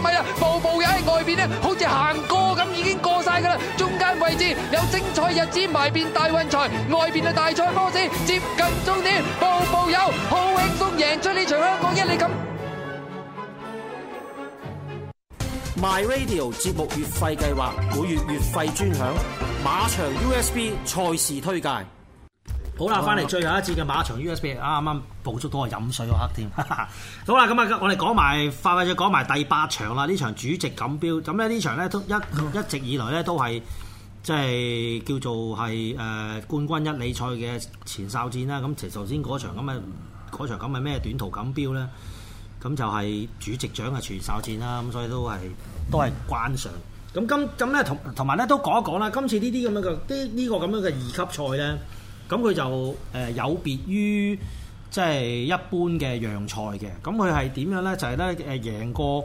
咪呀，步步友喺外邊咧，好似行過咁已經過曬㗎啦。中間位置有精彩日子埋邊大運財，外邊嘅大賽波線接近終點，步步友好輕鬆，贏出呢場香港一哩錦。My Radio 節目月費計劃，每月月費專享馬場 USB 賽事推介。好啦，翻嚟最後一節嘅馬場 USB，啱、啊、啱捕捉到我飲水嗰刻添。好啦，咁啊，我哋講埋，快快再講埋第八場啦。呢場主席錦標，咁咧呢場咧都一一直以來咧都係即係叫做係誒、呃、冠軍一哩賽嘅前哨戰啦。咁其實頭先嗰場咁啊，嗰場咁啊咩短途錦標咧，咁就係主席獎嘅前哨戰啦。咁所以都係、嗯、都係慣常。咁今咁咧同同埋咧都講一講啦。今次呢啲咁樣嘅啲呢個咁樣嘅二級賽咧。咁佢就誒有別於即係一般嘅讓賽嘅，咁佢係點樣呢？就係咧誒贏過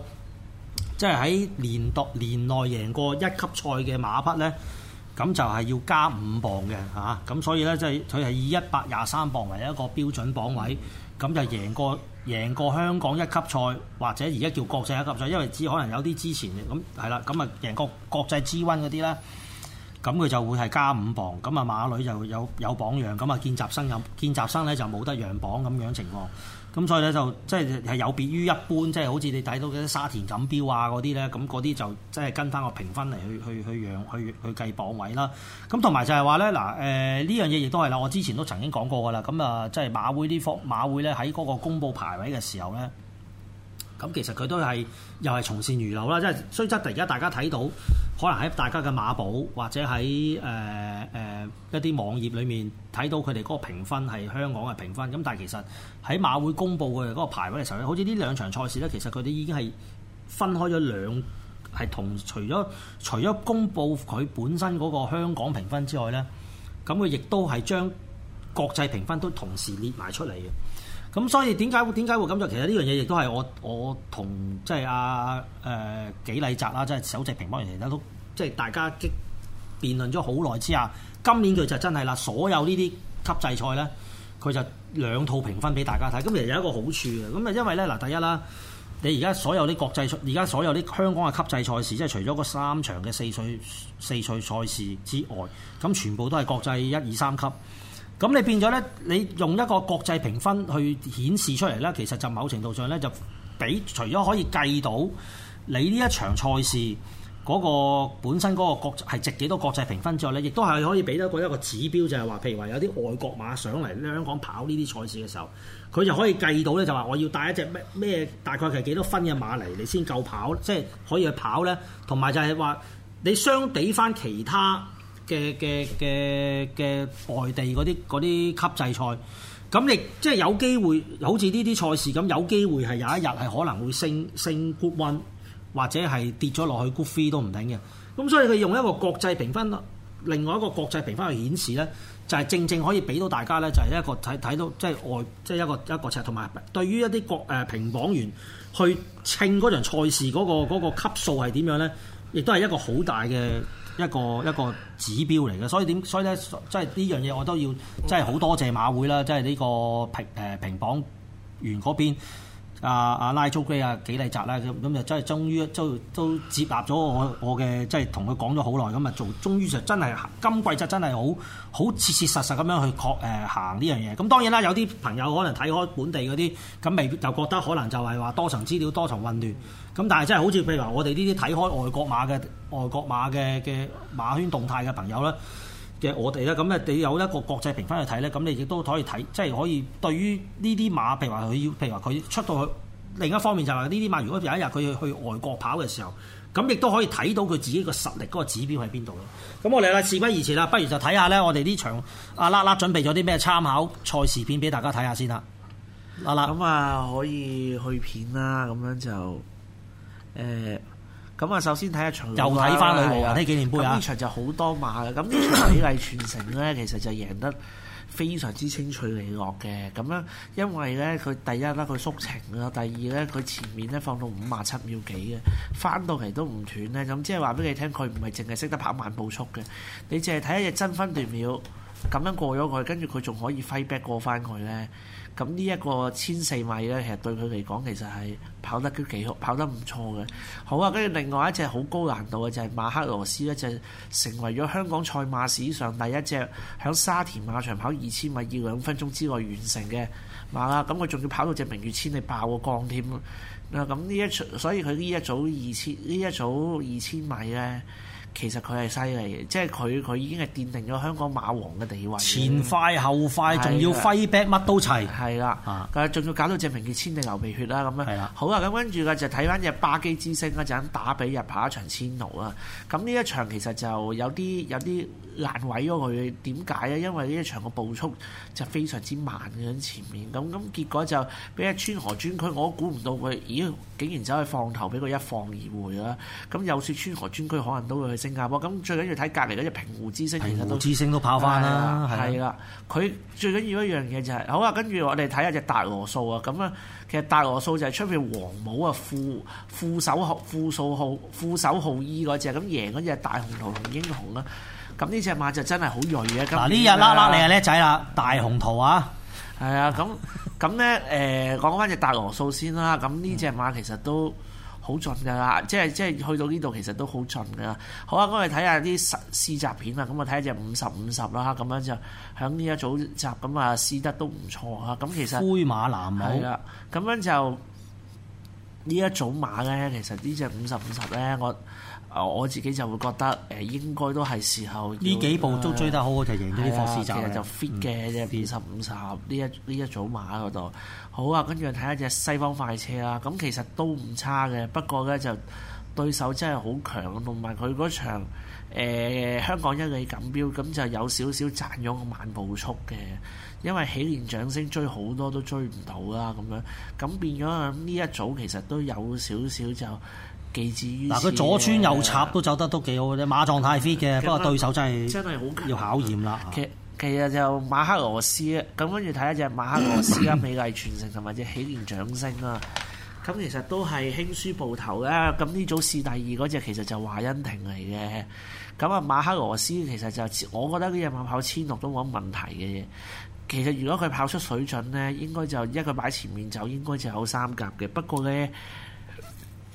即係喺年度年內贏過一級賽嘅馬匹呢，咁就係要加五磅嘅嚇。咁、啊、所以呢、就是，即係佢係以一百廿三磅為一個標準磅位，咁就贏過贏過香港一級賽或者而家叫國際一級賽，因為知可能有啲之前嘅咁係啦，咁啊贏過國際 G1 嗰啲呢。咁佢就會係加五磅，咁啊馬女就有有榜樣，咁啊見習生有見習生咧就冇得讓磅咁樣情況，咁所以咧就即係係有別於一般，即係好似你睇到啲沙田錦標啊嗰啲咧，咁嗰啲就即係跟翻個評分嚟去去去讓去去，去計榜位啦。咁同埋就係話咧嗱，誒呢、呃、樣嘢亦都係啦，我之前都曾經講過噶啦，咁啊即係馬會呢方馬會咧喺嗰個公佈排位嘅時候咧，咁其實佢都係又係從善如流啦，即係雖則突然家大家睇到。可能喺大家嘅馬報或者喺誒誒一啲網頁裏面睇到佢哋嗰個評分係香港嘅評分，咁但係其實喺馬會公布嘅嗰個排位嘅時候咧，好似呢兩場賽事咧，其實佢哋已經係分開咗兩係同除咗除咗公布佢本身嗰個香港評分之外咧，咁佢亦都係將國際評分都同時列埋出嚟嘅。咁所以點解點解會咁做？其實呢樣嘢亦都係我我同即係阿誒幾禮澤啦，即係首席評磅員其他都即係大家激係辯論咗好耐之下，今年佢就真係啦，所有呢啲級制賽咧，佢就兩套評分俾大家睇。咁其實有一個好處嘅，咁啊因為咧嗱，第一啦，你而家所有啲國際賽而家所有啲香港嘅級制賽事，即係除咗嗰三場嘅四歲四歲賽事之外，咁全部都係國際一、二、三級。咁你變咗咧，你用一個國際評分去顯示出嚟咧，其實就某程度上咧，就俾除咗可以計到你呢一場賽事嗰個本身嗰個國係值幾多國際評分之外咧，亦都係可以俾一個一個指標，就係話，譬如話有啲外國馬上嚟香港跑呢啲賽事嘅時候，佢就可以計到咧，就話我要帶一隻咩咩大概係幾多分嘅馬嚟，你先夠跑，即係可以去跑咧。同埋就係話你相比翻其他。嘅嘅嘅嘅外地嗰啲嗰啲級制賽，咁亦即係有機會好似呢啲賽事咁，有機會係有一日係可能會升升 Group One，或者係跌咗落去 Group Three 都唔定嘅。咁所以佢用一個國際評分，另外一個國際評分去顯示咧，就係正正可以俾到大家咧，就係一個睇睇到即係外，即係一個一個尺，同埋對於一啲國誒評磅員去稱嗰場賽事嗰個嗰個級數係點樣咧，亦都係一個好大嘅。一個一個指標嚟嘅，所以點？所以咧，即係呢樣嘢我都要，即係好多謝馬會啦，即係呢個平誒、呃、評磅員嗰邊。啊啊，拉祖基啊，紀麗澤啦，咁咁就真係終於都都接納咗我我嘅，即係同佢講咗好耐，咁啊做，終於就真係今季就真係好好切切實實咁樣去確誒、呃、行呢樣嘢。咁當然啦，有啲朋友可能睇開本地嗰啲，咁未必就覺得可能就係話多層資料、多層混亂。咁但係真係好似譬如話我哋呢啲睇開外國馬嘅外國馬嘅嘅馬圈動態嘅朋友啦。嘅我哋咧，咁咧你有一個國際評分去睇呢，咁你亦都可以睇，即係可以對於呢啲馬，譬如話佢要，譬如話佢出到去。另一方面就係呢啲馬，如果有一日佢去外國跑嘅時候，咁亦都可以睇到佢自己嘅實力嗰個指標喺邊度咯。咁我哋啦，事不宜遲啦，不如就睇下呢。我哋呢場阿粒粒準備咗啲咩參考賽事片俾大家睇下先啦。啊啦，咁啊，啊，啊，啊，啊可以去片啦，咁樣就誒。欸咁啊，首先睇下場，又睇翻呢幾年半啊！場就好多馬嘅，咁呢場美麗傳承呢，其實就贏得非常之清脆利落嘅。咁樣，因為呢，佢第一咧佢縮程啦，第二呢，佢前面呢，放到五馬七秒幾嘅，翻到嚟都唔斷呢。咁即係話俾你聽，佢唔係淨係識得跑慢步速嘅，你淨係睇一隻爭分奪秒咁樣過咗佢，跟住佢仲可以揮 back 過翻佢呢。咁呢一個千四米呢，其實對佢嚟講，其實係跑得都幾好，跑得唔錯嘅。好啊，跟住另外一隻好高難度嘅就係馬克羅斯呢，就成為咗香港賽馬史上第一隻喺沙田馬場跑二千米以兩分鐘之內完成嘅馬啦。咁佢仲要跑到隻明月千里爆個光添啊！咁呢一，所以佢呢一組二千呢一組二千米呢。其實佢係犀利嘅，即係佢佢已經係奠定咗香港馬王嘅地位。前快後快，仲的要揮 back，乜都齊。係啦，仲、啊、要搞到證明佢千定流鼻血啦咁啊。係啦，的好啊，咁跟住就睇翻隻巴基之星咧，就打比日跑一場千奴啊。咁呢一場其實就有啲有啲難為咗佢，點解咧？因為呢一場嘅步速就非常之慢嘅喺前面咁，咁結果就俾一川河專區，我估唔到佢，咦，竟然走去放頭俾佢一放而回啦。咁有時川河專區可能都會去咁最緊要睇隔籬嗰隻平湖之星，平湖之星都跑翻啦，係啦。佢最緊要一樣嘢就係，好啊。跟住我哋睇下隻大羅素啊，咁啊，其實大羅素就係出面黃帽啊，副副手號副數號副手號二嗰隻，咁贏嗰隻大紅袍同英雄啦。咁呢隻馬就真係好銳嘅。嗱，呢日啦啦你啊，叻仔啦，大紅袍啊的，係啊。 咁咁咧，誒，講翻隻大羅素先啦。咁呢隻馬其實都。好盡㗎啦，即係即係去到呢度其實都好盡㗎啦。好啊，咁我哋睇下啲試集片啦，咁我睇下隻五十五十啦，咁樣就喺呢一組集咁啊，試得都唔錯啊。咁其實灰馬藍帽係啦，咁樣就呢一組馬咧，其實隻呢隻五十五十咧，我。我自己就會覺得誒、呃，應該都係時候呢幾步都追得好，我就、嗯、贏啲駒市集就 fit 嘅只二十五十呢一呢一組馬嗰度。好啊，跟住睇下隻西方快車啦。咁其實都唔差嘅，不過呢，就對手真係好強，同埋佢嗰場、呃、香港一里錦標咁就有少少賺咗個慢步速嘅，因為起連掌聲追好多都追唔到啦咁樣。咁變咗呢一組其實都有少少就～至於嗱？佢左穿右插都走得都幾好嘅啫，馬狀態 fit 嘅，實不過對手真係真係好要考驗啦。其實其實就馬克羅斯，咁跟住睇一隻馬克羅斯啊，美麗傳承同埋隻起連掌聲啊。咁其實都係輕輸步頭嘅。咁、啊、呢組試第二嗰隻其實就華欣庭嚟嘅。咁啊馬克羅斯其實就我覺得呢隻馬跑千六都冇乜問題嘅、啊。其實如果佢跑出水準呢，應該就一佢擺前面走，應該就有三甲嘅。不過呢。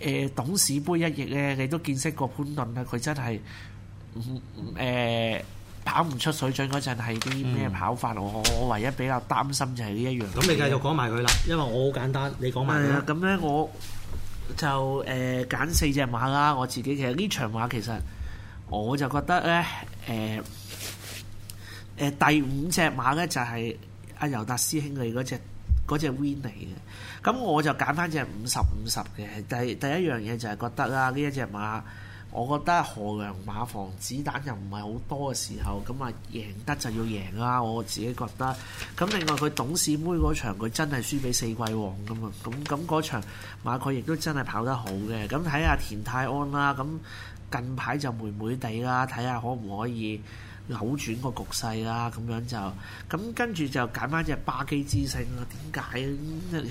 誒董事杯一役咧，你都見識過潘頓啦，佢真係唔、嗯嗯、跑唔出水準嗰陣係啲咩跑法？我我唯一比較擔心就係呢一樣。咁、嗯、你繼續講埋佢啦，因為我好簡單，你講埋佢。咁咧，我就誒揀、呃、四隻馬啦。我自己其實呢場馬其實我就覺得咧誒誒第五隻馬咧就係阿尤達師兄你嗰隻，嗰隻 Win 嚟嘅，咁我就揀翻隻五十五十嘅。第第一樣嘢就係覺得啦，呢一隻馬，我覺得河良馬房子彈又唔係好多嘅時候，咁啊贏得就要贏啦，我自己覺得。咁另外佢董事妹嗰場佢真係輸俾四季王噶嘛，咁咁嗰場馬佢亦都真係跑得好嘅。咁睇下田泰安啦，咁近排就悶悶地啦，睇下可唔可以？扭轉個局勢啦，咁樣就咁跟住就揀翻隻巴基之星咯。點解？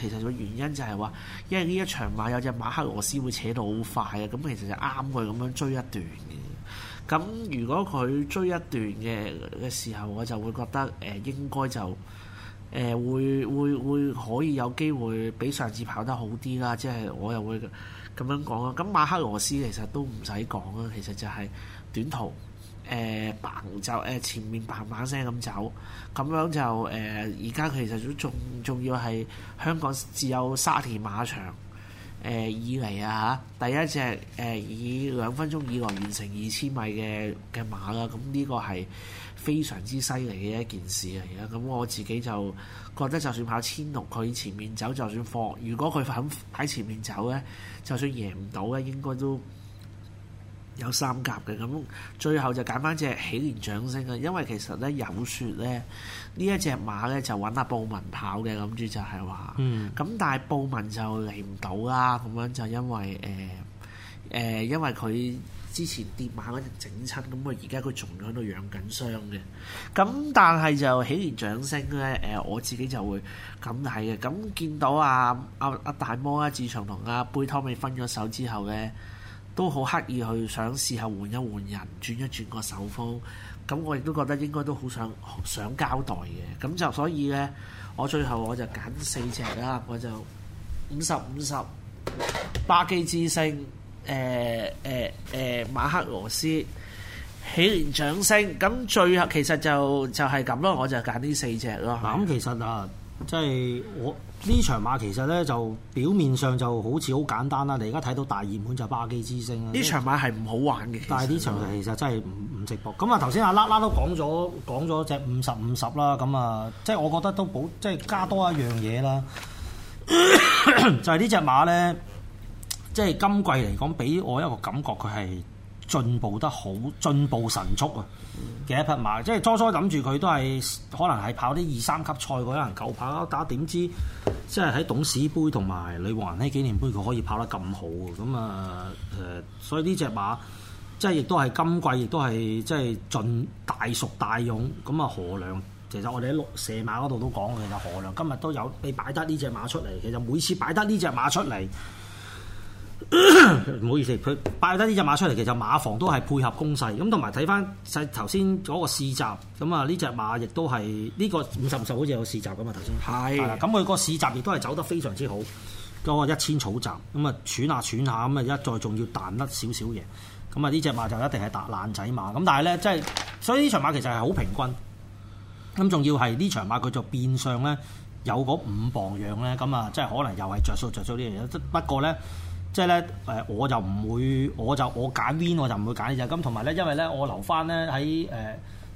其實個原因就係話，因為呢一場馬有隻馬克羅斯會扯到好快啊。咁其實就啱佢咁樣追一段嘅。咁如果佢追一段嘅嘅時候，我就會覺得誒、呃、應該就誒、呃、會會會可以有機會比上次跑得好啲啦。即係我又會咁樣講咯。咁馬克羅斯其實都唔使講啊。其實就係短途。誒嘭就誒前面嘭嘭聲咁走，咁樣就誒而家其實都仲仲要係香港自有沙田馬場誒、呃、以嚟啊嚇第一隻誒、呃、以兩分鐘以內完成二千米嘅嘅馬啦，咁呢個係非常之犀利嘅一件事嚟嘅。咁我自己就覺得就算跑千六，佢前面走就算放，如果佢肯喺前面走咧，就算贏唔到咧，應該都～有三甲嘅，咁最後就揀返隻喜連掌聲啊！因為其實咧有説咧呢一隻馬咧就揾阿布文跑嘅，諗住就係話，咁、嗯、但係布文就嚟唔到啦，咁樣就因為誒誒、呃呃，因為佢之前跌馬嗰陣整親，咁啊而家佢仲喺度養緊傷嘅。咁但係就喜連掌聲咧，誒我自己就會咁睇嘅。咁見到阿阿阿大摩、啊，自從同阿貝托美分咗手之後咧。都好刻意去想試下換一換人，轉一轉個手風。咁我亦都覺得應該都好想想交代嘅。咁就所以呢，我最後我就揀四隻啦。我就五十五十，巴基之星，誒誒誒，馬克羅斯，喜蓮獎星。咁最後其實就係、就係咁咯，我就揀呢四隻咯。咁、嗯、嗎其實啊，即係我。呢場馬其實呢，就表面上就好似好簡單啦，啊，你而家睇到大熱門就巴基之星啦。呢場馬係唔好玩嘅，但係呢場其實真係唔唔值博。咁、嗯、啊頭先阿 LakLak 都講咗講咗隻五十五十啦，咁啊即係我覺得都補即係加多一樣嘢啦， 就係呢隻馬呢，即係今季嚟講俾我一個感覺佢係。進步得好，進步神速啊！嘅一匹馬，嗯、即係初初諗住佢都係可能係跑啲二三級賽嗰啲人夠跑，大家點知即係喺董事杯同埋女王呢紀念杯，佢可以跑得咁好啊！咁啊誒，所以呢隻馬即係亦都係今季亦都係即係盡大熟大勇。咁啊，何良其實我哋喺六駿馬嗰度都講，其實何良今日都有你擺得呢隻馬出嚟。其實每次擺得呢隻馬出嚟。唔 好意思，佢拜得呢隻馬出嚟，其實馬房都係配合攻勢，咁同埋睇翻，細頭先嗰個試閘，咁啊呢隻馬、這個、是那那亦都係呢個五十五十好似有試閘咁啊頭先係，咁佢個試閘亦都係走得非常之好，嗰、那個一千草閘，咁啊喘下喘下，咁啊一再仲要彈得少少嘢，咁啊呢隻馬就一定係打爛仔馬，咁但係咧即係，所以呢場馬其實係好平均，咁仲要係呢場馬佢就變相咧有嗰五磅樣咧，咁啊即係可能又係著數著，著數呢樣嘢，不過咧。即係咧，誒我就唔會，我就我揀 win 我就唔會揀呢隻咁，同埋咧，因為咧，我留翻咧喺誒，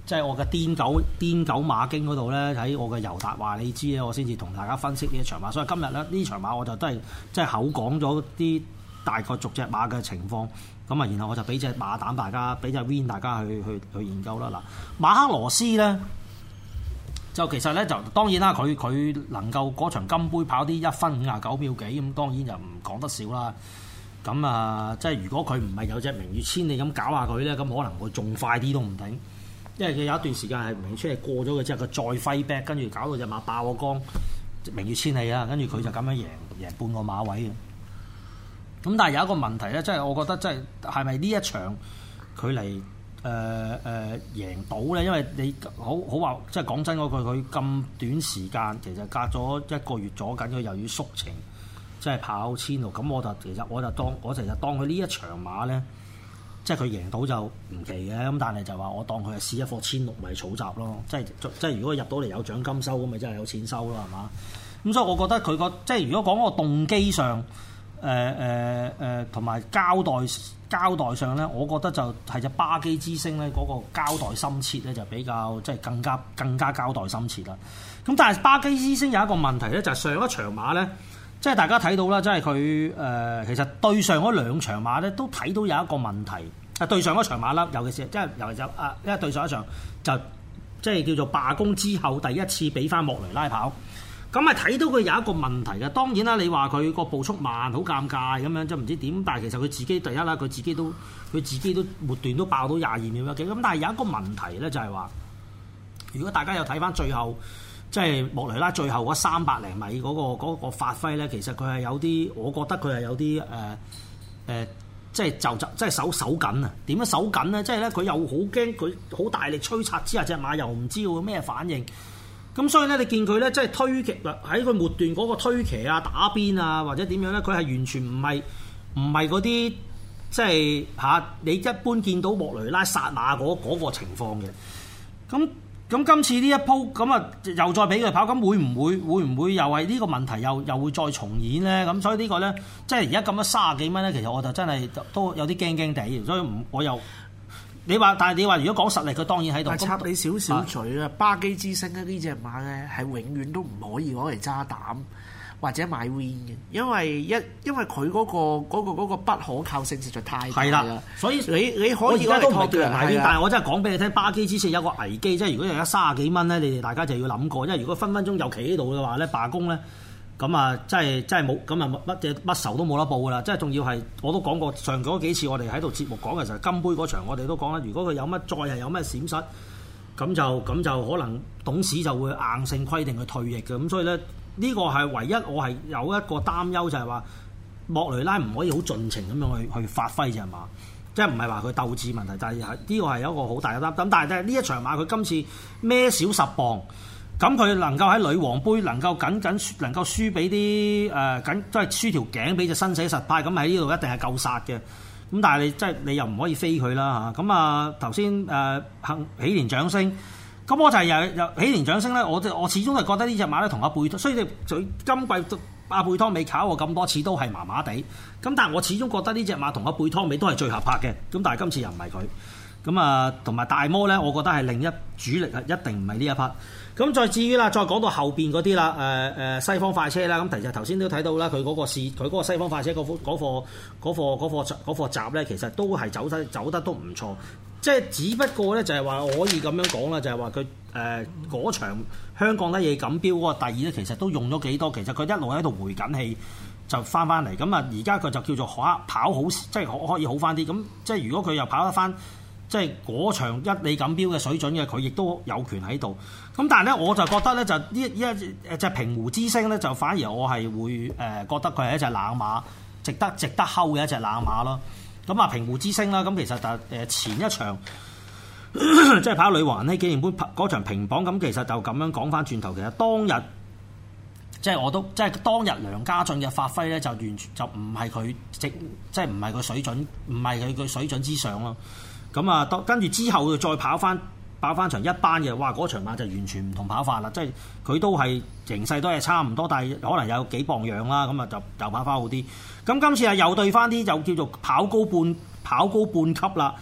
即係我嘅癲狗癲狗馬經嗰度咧，喺我嘅尤達話你知啊，我先至同大家分析呢場馬，所以今日咧呢場馬我就都係即係口講咗啲大概逐隻馬嘅情況，咁啊，然後我就俾隻馬膽大家，俾隻 win 大家去去去研究啦嗱，馬克羅斯咧。就其實咧，就當然啦，佢佢能夠嗰場金杯跑啲一分五十九秒幾，咁當然就唔講得少啦。咁啊，即係如果佢唔係有隻明月千里咁搞下佢咧，咁可能佢仲快啲都唔定。因為佢有一段時間係明超係過咗佢之後，佢再揮 back，跟住搞到隻馬爆個缸，明月千里啊，跟住佢就咁樣贏贏半個馬位嘅。咁但係有一個問題咧，即係我覺得即係係咪呢一場距離？誒誒、呃呃、贏到咧，因為你好好話，即係講真嗰句，佢咁短時間，其實隔咗一個月左近，佢又要縮程，即係跑千六，咁我就其實我就當我其實當佢呢一場馬咧，即係佢贏到就唔奇嘅，咁但係就話我當佢係試一課千六咪草集咯，即係即係如果入到嚟有獎金收，咁咪真係有錢收咯，係嘛？咁所以我覺得佢個即係如果講個動機上，誒誒誒同埋交代。交代上咧，我覺得就係隻巴基之星咧，嗰個交代深切咧就比較即係、就是、更加更加交代深切啦。咁但係巴基之星有一個問題咧，就係上一場馬咧，即係大家睇到啦，即係佢誒其實對上嗰兩場馬咧都睇到有一個問題啊。對上嗰場馬啦，尤其是即係尤其是啊，因、呃、為對上一場就即係叫做罷工之後第一次俾翻莫雷拉跑。咁啊，睇到佢有一個問題嘅，當然啦，你話佢個步速慢，好尷尬咁樣，即唔知點，但係其實佢自己第一啦，佢自己都佢自己都末段都爆到廿二秒有幾，咁但係有一個問題咧，就係話，如果大家又睇翻最後，即係莫雷拉最後嗰三百零米嗰個嗰個發揮咧，其實佢係有啲，我覺得佢係有啲誒誒，即係就就即係手手緊啊！點樣手緊咧？即係咧佢又好驚，佢好大力催策之下，隻馬又唔知會有咩反應。咁所以咧，你見佢咧，即係推騎，喺佢末段嗰個推騎啊、打邊啊，或者點樣咧，佢係完全唔係唔係嗰啲，即係嚇、啊、你一般見到莫雷拉殺馬嗰個情況嘅。咁咁今次呢一鋪咁啊，又再俾佢跑，咁會唔會會唔會又係呢個問題又又會再重演咧？咁所以個呢個咧，即係而家咁樣三十幾蚊咧，其實我就真係都有啲驚驚地，所以唔我又。你話，但係你話，如果講實力，佢當然喺度。插你少少嘴啊！巴基之星咧呢隻馬咧，係永遠都唔可以攞嚟揸膽或者買 win 嘅，因為一因為佢嗰個嗰個嗰個不可靠性實在太係啦。所以你你可以攞嚟託住下先，但係我真係講俾你聽，巴基之星有個危機，即係如果而家卅幾蚊咧，你哋大家就要諗過，因為如果分分鐘又企喺度嘅話咧，罷工咧。咁啊，真係真係冇，咁啊乜嘢乜仇都冇得報㗎啦！即係仲要係，我都講過上嗰幾次，我哋喺度節目講嘅就係金杯嗰場，我哋都講啦。如果佢有乜再係有乜閃失，咁就咁就可能董事就會硬性規定佢退役嘅。咁所以咧，呢、呢個係唯一我係有一個擔憂就，就係話莫雷拉唔可以好盡情咁樣去去發揮嘅嘛。即係唔係話佢鬥志問題，但係呢個係一個好大嘅擔。咁但係咧，呢一場馬佢今次孭少十磅。咁佢能夠喺女王杯能夠緊緊能夠輸俾啲誒緊即係輸條頸俾隻生死實拍，咁喺呢度一定係夠殺嘅。咁但係你即係你又唔可以飛佢啦嚇。咁啊頭先誒喜連掌聲，咁、嗯、我就又又喜連掌聲咧。我我始終係覺得呢隻馬咧同阿貝托，以你最今季阿貝托尾考過咁多次都係麻麻地，咁但係我始終覺得呢隻馬同阿貝托尾都係最合拍嘅。咁但係今次又唔係佢咁啊，同、嗯、埋大魔咧，我覺得係另一主力一定唔係呢一匹。咁再至於啦，再講到後邊嗰啲啦，誒、呃、誒、呃、西方快車啦，咁、嗯、其實頭先都睇到啦，佢嗰個佢嗰個西方快車嗰貨嗰貨嗰貨嗰貨嗰貨，貨，貨集咧，其實都係走得走得都唔錯，即、就、係、是、只不過咧就係話可以咁樣講啦，就係話佢誒嗰場香港咧嘢錦標嗰個第二咧，其實都用咗幾多，其實佢一路喺度回緊氣就翻翻嚟，咁啊而家佢就叫做跑跑好，即係可可以好翻啲，咁即係如果佢又跑得翻。即係嗰場一哩錦標嘅水準嘅，佢亦都有權喺度。咁但係咧，我就覺得咧，就呢一,一隻即平湖之星咧，就反而我係會誒覺得佢係一隻冷馬，值得值得睺嘅一隻冷馬咯。咁、嗯、啊，平湖之星啦，咁其實就誒前一場 即係跑女皇銀禧紀念盃嗰場平磅，咁其實就咁樣講返轉頭，其實當日即係、就是、我都即係、就是、當日梁家俊嘅發揮咧，就完全就唔係佢即即係唔係佢水準，唔係佢個水準之上咯。咁啊，跟住之後再跑翻跑翻場一班嘅，哇！嗰場馬就完全唔同跑法啦，即係佢都係形勢都係差唔多，但係可能有幾磅讓啦，咁啊就就跑翻好啲。咁今次啊又對翻啲，就叫做跑高半跑高半級啦。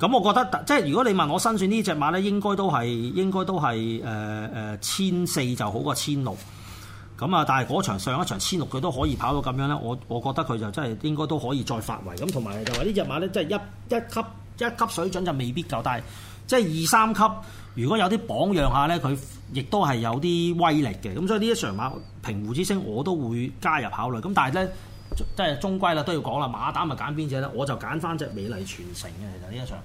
咁我覺得即係如果你問我身選呢隻馬呢，應該都係應該都係誒誒千四就好過千六。咁啊，但係嗰場上一場千六佢都可以跑到咁樣呢。我我覺得佢就真係應該都可以再發圍。咁同埋就話呢隻馬呢，真係一一級。一級水準就未必夠，但係即係二三級如果有啲榜樣下呢，佢亦都係有啲威力嘅。咁所以呢一場馬平湖之星，我都會加入考慮。咁但係呢，即係終歸啦，都要講啦。馬膽咪揀邊隻呢？我就揀翻隻美麗傳承嘅。其實呢一場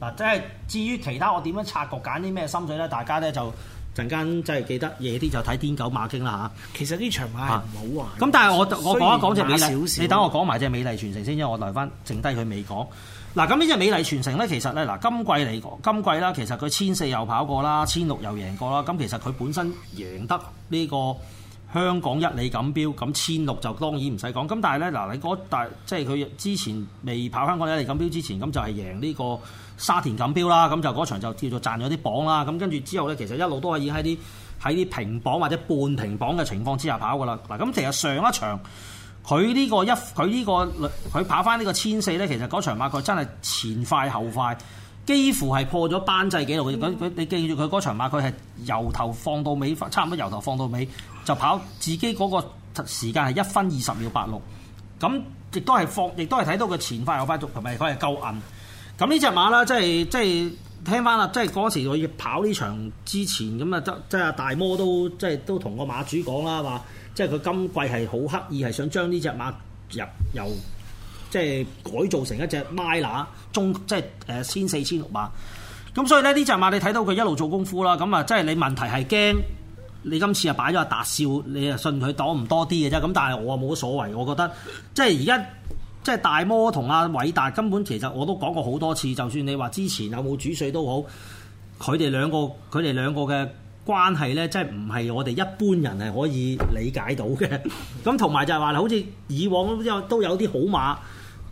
嗱，即係至於其他我點樣察覺揀啲咩心水呢？大家呢就陣間即係記得夜啲就睇癲狗馬經啦嚇。其實呢場馬係唔好喎、啊。咁、啊、但係我要我講一講隻美麗，許你等我講埋隻美麗傳承先，因為我留翻剩低佢未講。嗱，咁呢隻美麗傳承咧，其實咧，嗱，今季嚟講，今季啦，其實佢千四又跑過啦，千六又贏過啦，咁其實佢本身贏得呢個香港一哩錦標，咁千六就當然唔使講。咁但係咧，嗱，你嗰大，即係佢之前未跑香港一哩錦標之前，咁就係贏呢個沙田錦標啦，咁就嗰場就叫做賺咗啲榜啦。咁跟住之後咧，其實一路都係已經喺啲喺啲平榜或者半平榜嘅情況之下跑噶啦。嗱，咁其實上一場。佢呢、個一佢呢個佢跑翻呢個千四咧，其實嗰場馬佢真係前快後快，幾乎係破咗班制紀錄。佢佢、嗯、你記住佢嗰場馬佢係由頭放到尾，差唔多由頭放到尾就跑自己嗰個時間係一分二十秒八六。咁亦都係放，亦都係睇到佢前快後快，同埋佢係夠硬。咁呢隻馬啦，即係即係。聽翻啦，即係嗰時我要跑呢場之前咁啊，即即係大摩都即係都同個馬主講啦，話即係佢今季係好刻意係想將呢隻馬入由即係改造成一隻邁拿中，即係誒千四千六馬。咁所以咧，呢隻馬你睇到佢一路做功夫啦，咁啊，即係你問題係驚你今次啊擺咗阿達少，你啊信佢擋唔多啲嘅啫。咁但係我冇乜所謂，我覺得即係而家。即係大魔同阿偉達根本其實我都講過好多次，就算你話之前有冇主帥都好，佢哋兩個佢哋兩個嘅關係呢，即係唔係我哋一般人係可以理解到嘅。咁同埋就係話，好似以往都有啲好馬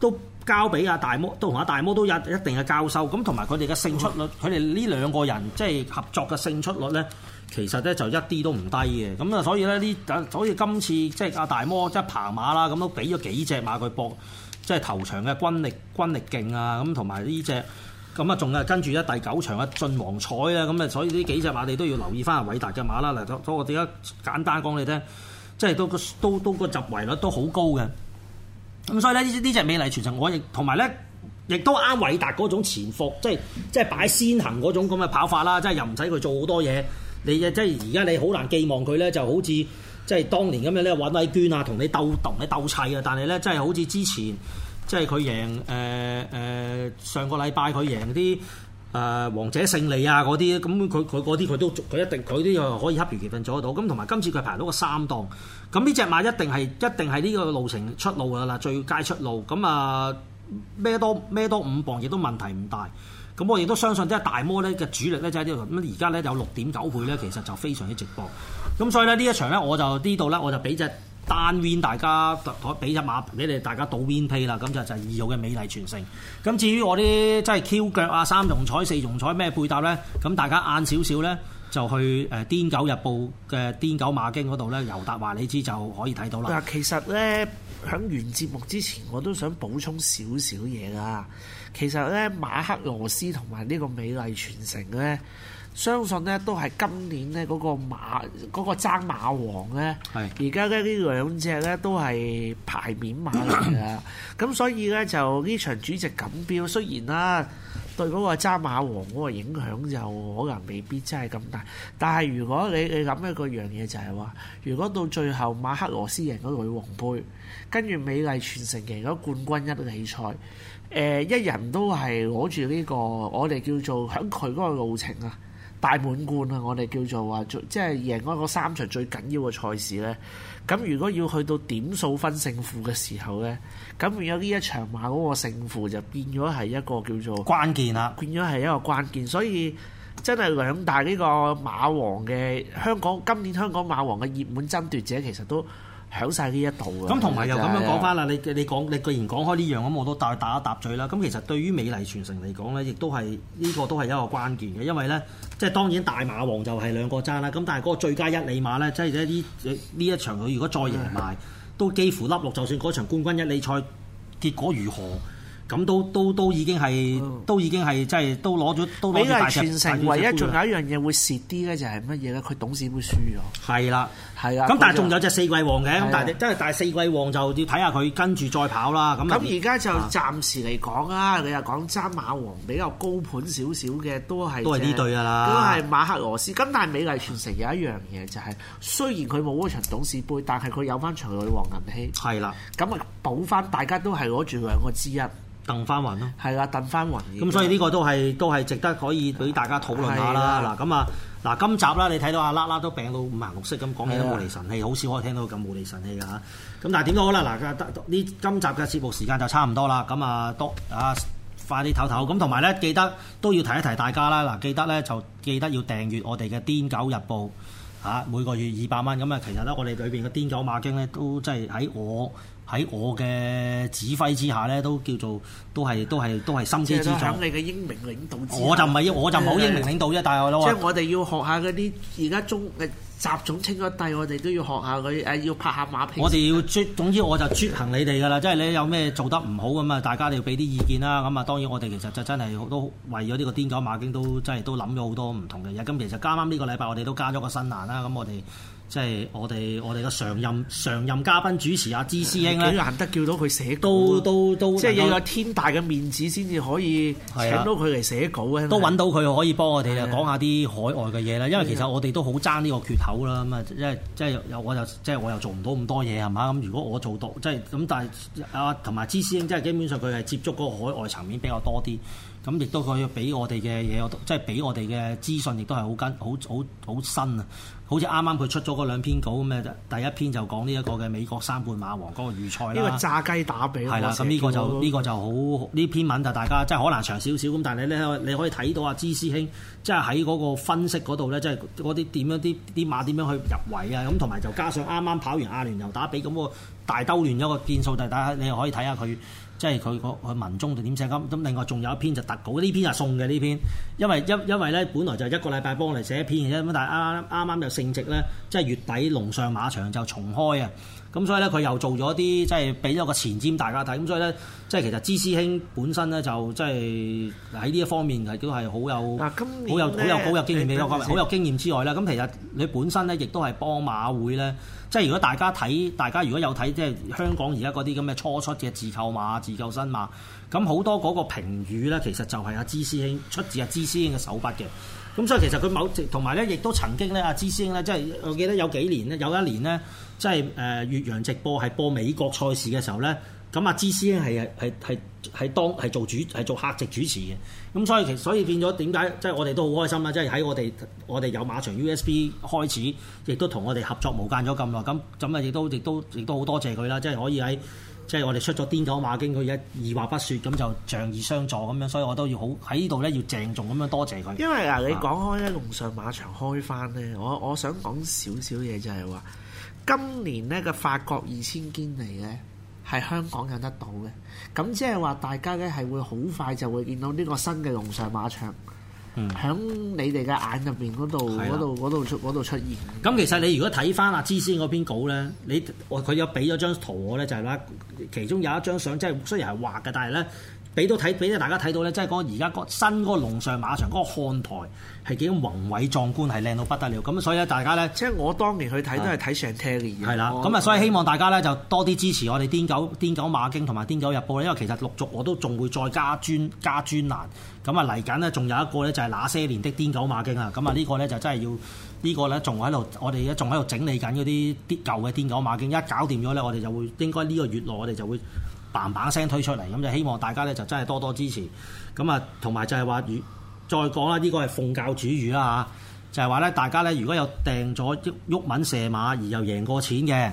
都交俾阿大魔，都同阿大魔都有一定嘅教授。咁同埋佢哋嘅勝出率，佢哋呢兩個人即係合作嘅勝出率呢。其實咧就一啲都唔低嘅，咁啊所以咧呢所以，所以今次即係阿大魔即係爬馬啦，咁都俾咗幾隻馬佢搏，即係頭場嘅軍力軍力勁啊，咁同埋呢隻，咁啊仲啊跟住咧第九場嘅晉王彩啊，咁啊所以呢幾隻馬你都要留意翻阿韋達嘅馬啦。嗱，所以我哋而家簡單講你聽，即係都個都都個集圍率都好高嘅。咁所以呢呢隻美麗傳承，我亦同埋咧亦都啱韋達嗰種潛伏，即係即係擺先行嗰種咁嘅跑法啦，即係又唔使佢做好多嘢。你即係而家你好難寄望佢咧，就好似即係當年咁樣咧，尹麗娟啊，同你鬥同你鬥砌啊。但係咧，真係好似之前，即係佢贏誒誒、呃呃、上個禮拜佢贏啲誒、呃、王者勝利啊嗰啲，咁佢佢嗰啲佢都佢一定佢啲又可以恰如其分做得到。咁同埋今次佢排到個三檔，咁呢隻馬一定係一定係呢個路程出路噶啦，最佳出路。咁啊～、呃孭多孭多五磅，亦都問題唔大。咁我亦都相信，即係大摩咧嘅主力咧就喺呢度。咁而家咧有六點九倍咧，其實就非常之值搏。咁所以咧呢一場咧，我就呢度咧，我就俾隻單 win 大家台俾隻馬俾你大家倒 win pay 啦。咁就就係二號嘅美麗傳承。咁至於我啲即係 Q 腳啊、三重彩、四重彩咩配搭咧，咁大家晏少少咧。就去誒《癲狗日報》嘅《癲狗馬經》嗰度咧，尤達話你知就可以睇到啦。嗱，其實咧，響完節目之前，我都想補充少少嘢㗎。其實咧，馬克羅斯同埋呢個美麗傳承咧，相信咧都係今年咧嗰個馬嗰個爭馬王咧。係是。而家咧呢兩隻咧都係牌面馬嚟㗎，咁 所以咧就呢場主席錦標雖然啦。對嗰個爭馬王嗰個影響就可能未必真係咁大，但係如果你，你諗一個樣嘢就係話，如果到最後馬克羅斯贏嗰女皇盃，跟住美麗傳承贏嗰冠軍一哩賽、呃，一人都係攞住呢個我哋叫做響佢嗰個路程啊。大滿貫啊！我哋叫做話，即係贏開嗰三場最緊要嘅賽事呢。咁如果要去到點數分勝負嘅時候呢，咁而有呢一場馬嗰個勝負就變咗係一個叫做關鍵啦。變咗係一個關鍵，所以真係兩大呢個馬王嘅香港今年香港馬王嘅熱門爭奪者其實都。響曬呢一套咁，同埋又咁樣講翻啦，你你講你既然講開呢樣咁，我都打打一,一答嘴啦。咁其實對於美麗傳承嚟講呢，亦都係呢、這個都係一個關鍵嘅，因為呢，即係當然大馬王就係兩個爭啦。咁但係嗰個最佳一里馬呢，即係呢呢一場佢如果再贏埋，嗯、都幾乎笠落。就算嗰場冠軍一里賽結果如何，咁都都都已經係、嗯、都已經係即係都攞咗都攞住大石。美麗傳承唯一仲有一樣嘢會蝕啲、就係、呢，就係乜嘢呢？佢董事會輸咗。係啦。係啊，咁但係仲有隻四季王嘅，咁的但係都係但四季王就要睇下佢跟住再跑啦。咁咁而家就暫時嚟講啦，啊、你又講爭馬王比較高盤少少嘅都係、就是、都係呢對㗎啦，都係馬克羅斯。咁但係美麗傳承有一樣嘢就係、是，雖然佢冇嗰場董事杯，但係佢有翻場女王銀禧。係啦的，咁啊補翻，大家都係攞住兩個之一。掹翻雲咯，係啦，掹翻雲。咁所以呢個都係都係值得可以俾大家討論下啦。嗱咁啊，嗱今集啦，你睇到阿拉拉都病到五顏六色咁，講起都無釐神氣，的好少可以聽到咁無釐神氣嘅嚇。咁但係點都好啦，嗱呢今集嘅節目時間就差唔多啦。咁啊多啊，快啲唞唞。咁同埋咧，記得都要提一提大家啦。嗱，記得咧就記得要訂閱我哋嘅《癲狗日報》啊，每個月二百蚊。咁啊，其實咧，我哋裏邊嘅《癲狗馬經》咧，都真係喺我。喺我嘅指揮之下咧，都叫做都係都係都係心思之助。你嘅英明領導我就唔係英，我就唔好英明領導啫。的但係即係我哋要學下嗰啲而家中誒習總稱咗帝，我哋都要學下佢誒，要拍下馬屁。我哋要遵，總之我就遵循你哋噶啦。即係你有咩做得唔好咁啊？大家要俾啲意見啦。咁啊，當然我哋其實就真係都為咗呢個癲咗馬經都真係都諗咗好多唔同嘅嘢。咁其實啱啱呢個禮拜我哋都加咗個新欄啦。咁我哋。即係我哋我哋嘅常任常任嘉賓主持阿之師兄，咧，幾難得叫到佢寫都都、啊、都，都都即係要有天大嘅面子先至可以請到佢嚟寫稿嘅。啊、係係都揾到佢可以幫我哋啊，講下啲海外嘅嘢啦。因為其實我哋都好爭呢個缺口啦。咁啊，即係即係又我又即係我又做唔到咁多嘢係嘛？咁如果我做到即係咁，但係阿同埋之師兄，即係基本上佢係接觸嗰個海外層面比較多啲。咁亦都佢俾我哋嘅嘢，即係俾我哋嘅資訊，亦都係好跟好好好新啊！好似啱啱佢出咗嗰兩篇稿咁嘅，第一篇就講呢一個嘅美國三冠馬王嗰個預賽啦。呢個炸雞打比係啦，咁呢的個就呢個就好呢篇文就大家即係可能長少少，咁但係你咧你可以睇到阿芝師兄即係喺嗰個分析嗰度咧，即係嗰啲點樣啲啲馬點樣去入圍啊，咁同埋就加上啱啱跑完阿聯酋打比，咁個大兜亂咗個變數，但係大家你可以睇下佢。即係佢個個文中就點寫咁咁，另外仲有一篇就特稿，呢篇就送嘅呢篇，因為因因為咧，本來就一個禮拜幫我哋寫一篇嘅啫，咁但係啱啱啱啱就勝席咧，即係月底龍上馬場就重開啊！咁所以咧，佢又做咗啲即係俾咗個前瞻大家睇。咁所以咧，即係其實芝師兄本身咧就即係喺呢一方面係都係好有好有好有好有經驗嘅好有經驗之外咧，咁其實你本身咧亦都係幫馬會咧，即係如果大家睇，大家如果有睇即係香港而家嗰啲咁嘅初出嘅自購馬、自購新馬，咁好多嗰個評語咧，其實就係阿芝師兄出自阿芝師兄嘅手筆嘅。咁、嗯、所以其實佢某同埋咧，亦都曾經咧，阿芝師兄咧，即係我記得有幾年咧，有一年咧，即係誒越洋直播係播美國賽事嘅時候咧，咁、嗯、阿芝師兄係係係係當係做主係做客席主持嘅。咁、嗯、所以其所，所以變咗點解？即係我哋都好開心啦！即係喺我哋我哋有馬場 USB 開始，亦都同我哋合作無間咗咁耐。咁咁啊，亦都亦都亦都好多謝佢啦！即係可以喺。即係我哋出咗癲堂馬經，佢一二話不說，咁就仗義相助咁樣，所以我都要好喺呢度呢要鄭重咁樣多謝佢。因為嗱，啊、你講開呢龍上馬場開翻呢，我我想講少少嘢就係話，今年呢個法國二千堅尼呢係香港人得到嘅，咁即係話大家呢係會好快就會見到呢個新嘅龍上馬場。響、嗯、你哋嘅眼入邊嗰度，嗰度嗰度出嗰度出現。咁其實你如果睇翻阿芝仙嗰篇稿咧，你我佢有俾咗張圖我咧，就係、啦、咧，其中有一張相，即係雖然係畫嘅，但係咧。俾到睇，俾大家睇到呢，即係講而家個新嗰個龍上馬場嗰個看台係幾宏偉壯觀，係靚到不得了。咁所以呢，大家呢，即係我當年去睇都係睇上天年。係啦的，咁啊我，所以希望大家呢，就多啲支持我哋《癲狗癲狗馬經》同埋《癲狗日報》呢，因為其實陸續我都仲會再加專加專欄。咁啊嚟緊呢，仲有一個呢，就係那些年的《癲狗馬經》啊。咁啊，呢個呢，就真係要呢、呢個呢，仲喺度，我哋仲喺度整理緊嗰啲啲舊嘅《癲狗馬經》。一搞掂咗呢，我哋就會應該呢個月內我哋就會。棒棒聲推出嚟，咁就希望大家咧就真係多多支持，咁啊同埋就係話，再講啦，呢個係奉教主語啦嚇，就係話咧大家咧如果有訂咗郁文射馬而又贏過錢嘅，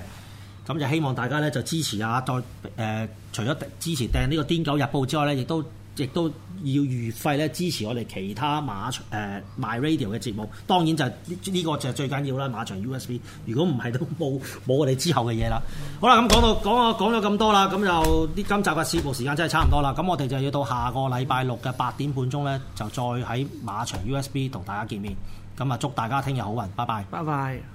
咁就希望大家咧就支持啊。再誒、呃、除咗支持訂呢個《癲狗日報》之外咧，亦都亦都。要預費咧支持我哋其他馬場誒、呃、MyRadio 嘅節目，當然就呢、係呢個就最緊要啦。馬場 USB 如果唔係都冇冇我哋之後嘅嘢啦。嗯、好啦，咁講到講啊講咗咁多啦，咁就呢今集嘅節目時間真係差唔多啦。咁我哋就要到下個禮拜六嘅八點半鐘咧，就再喺馬場 USB 同大家見面。咁啊，祝大家聽日好運，拜拜，拜拜。